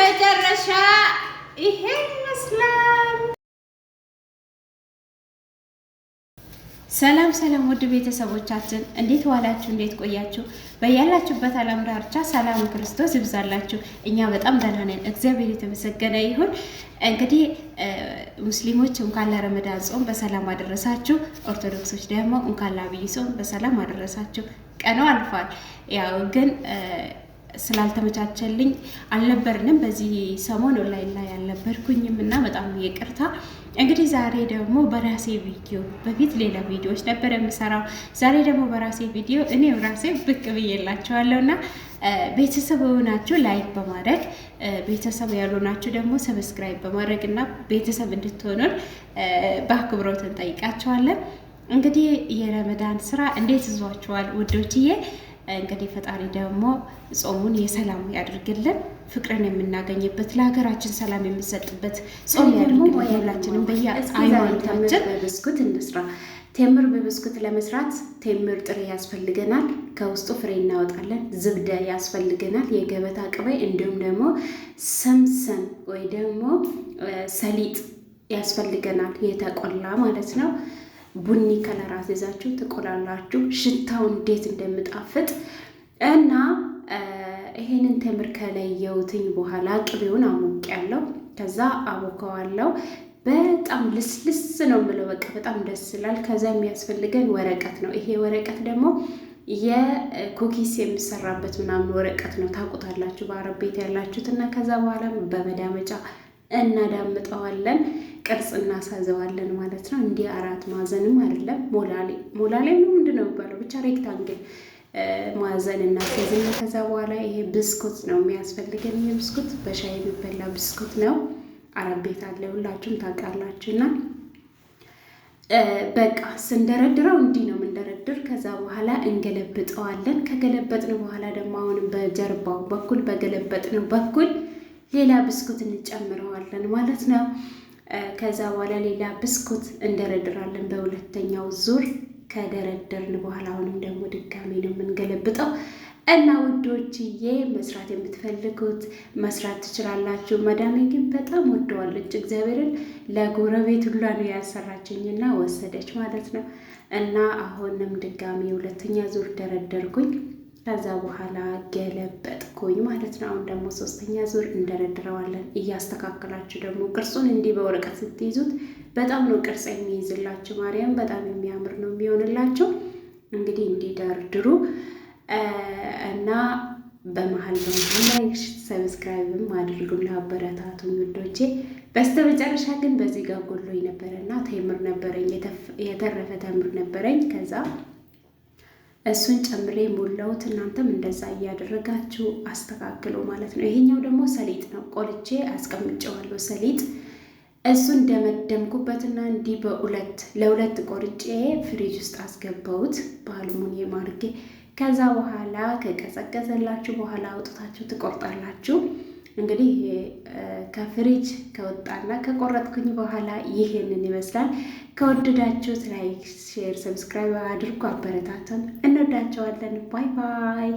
መጨረሻ ይሄን ይመስላል። ሰላም ሰላም፣ ውድ ቤተሰቦቻችን እንዴት ዋላችሁ? እንዴት ቆያችሁ? በያላችሁበት ዓለም ዳርቻ ሰላም ክርስቶስ ይብዛላችሁ። እኛ በጣም ደህና ነን፣ እግዚአብሔር የተመሰገነ ይሁን። እንግዲህ ሙስሊሞች እንኳን ለረመዳን ጾም በሰላም አደረሳችሁ። ኦርቶዶክሶች ደግሞ እንኳን ለአብይ ጾም በሰላም አደረሳችሁ። ቀኑ አልፏል፣ ያው ግን ስላልተመቻቸልኝ አልነበርንም። በዚህ ሰሞን ላይ ላይ አልነበርኩኝም እና በጣም ይቅርታ። እንግዲህ ዛሬ ደግሞ በራሴ ቪዲዮ በፊት ሌላ ቪዲዮዎች ነበር የምሰራው። ዛሬ ደግሞ በራሴ ቪዲዮ እኔም ራሴ ብቅ ብዬላቸዋለሁ እና ቤተሰብ የሆናችሁ ላይክ በማድረግ ቤተሰብ ያልሆናችሁ ደግሞ ሰብስክራይብ በማድረግ እና ቤተሰብ እንድትሆኑን በአክብሮት እንጠይቃቸዋለን። እንግዲህ የረመዳን ስራ እንዴት ይዟችኋል ውዶችዬ? እንግዲህ ፈጣሪ ደግሞ ጾሙን የሰላም ያድርግልን፣ ፍቅርን የምናገኝበት ለሀገራችን ሰላም የምንሰጥበት ጾም ያድርግልን። ሁላችንም በየአይማኖታችን በብስኩት እንስራ። ቴምር በብስኩት ለመስራት ቴምር ጥሬ ያስፈልገናል። ከውስጡ ፍሬ እናወጣለን። ዝብደ ያስፈልገናል። የገበታ ቅቤ እንዲሁም ደግሞ ሰምሰም ወይ ደግሞ ሰሊጥ ያስፈልገናል፣ የተቆላ ማለት ነው። ቡኒ ከለር አስይዛችሁ ትቆላላችሁ። ሽታው እንዴት እንደምጣፍጥ እና ይሄንን ተምር ከለየውትኝ በኋላ ቅቤውን አሞቅ ያለው ከዛ አቦከዋለው። በጣም ልስልስ ነው ምለው በቃ በጣም ደስ ይላል። ከዛ የሚያስፈልገን ወረቀት ነው። ይሄ ወረቀት ደግሞ የኩኪስ የምሰራበት ምናምን ወረቀት ነው። ታውቁታላችሁ በአረብ ቤት ያላችሁት እና ከዛ በኋላ በመዳመጫ እናዳምጠዋለን፣ ቅርጽ እናሳዘዋለን ማለት ነው። እንዲህ አራት ማዕዘንም አይደለም ሞላሌ ሞላሌ ነው ምንድን ነው የሚባለው? ብቻ ሬክታንግል ማዕዘን እናስይዝና ከዛ በኋላ ይሄ ብስኩት ነው የሚያስፈልገን። ይሄ ብስኩት በሻይ የሚበላ ብስኩት ነው። አረብ ቤት አለ፣ ሁላችሁም ታውቃላችሁና በቃ ስንደረድረው እንዲህ ነው የምንደረድር። ከዛ በኋላ እንገለብጠዋለን። ከገለበጥን በኋላ ደግሞ አሁንም በጀርባው በኩል በገለበጥነው በኩል ሌላ ብስኩት እንጨምረዋለን ማለት ነው። ከዛ በኋላ ሌላ ብስኩት እንደረድራለን በሁለተኛው ዙር ከደረደርን በኋላ አሁንም ደግሞ ድጋሚ ነው የምንገለብጠው እና ውዶችዬ መስራት የምትፈልጉት መስራት ትችላላችሁ። መዳሜ ግን በጣም ወደዋለች። እግዚአብሔርን ለጎረቤት ሁላ ነው ያሰራችኝና ወሰደች ማለት ነው። እና አሁንም ድጋሚ ሁለተኛ ዙር ደረደርኩኝ። ከዛ በኋላ ገለበጥ አረኩኝ ማለት ነው። አሁን ደግሞ ሶስተኛ ዙር እንደረድረዋለን። እያስተካከላችሁ ደግሞ ቅርጹን እንዲህ በወረቀት ስትይዙት በጣም ነው ቅርጽ የሚይዝላችሁ። ማርያም በጣም የሚያምር ነው የሚሆንላችሁ። እንግዲህ እንዲደርድሩ እና በመሀል በመሀል ላይ ሰብስክራይብም አድርጉን ውዶቼ። በስተመጨረሻ ግን በዚህ ጋር ጎሎኝ ነበረ እና ተምር ነበረኝ የተረፈ ተምር ነበረኝ ከዛ እሱን ጨምሬ ሞላሁት። እናንተም እንደዛ እያደረጋችሁ አስተካክሉ ማለት ነው። ይሄኛው ደግሞ ሰሊጥ ነው። ቆልቼ አስቀምጨዋለሁ ሰሊጥ እሱን እንደመደምኩበትና እንዲህ በሁለት ለሁለት ቆርጬ ፍሪጅ ውስጥ አስገባሁት በአልሙኒየም አድርጌ። ከዛ በኋላ ከቀዘቀዘላችሁ በኋላ አውጥታችሁ ትቆርጣላችሁ። እንግዲህ ከፍሪጅ ከወጣና ከቆረጥኩኝ በኋላ ይህንን ይመስላል። ከወደዳችሁት ላይክ፣ ሼር፣ ሰብስክራይብ አድርጎ አበረታተን እንወዳቸዋለን። ባይ ባይ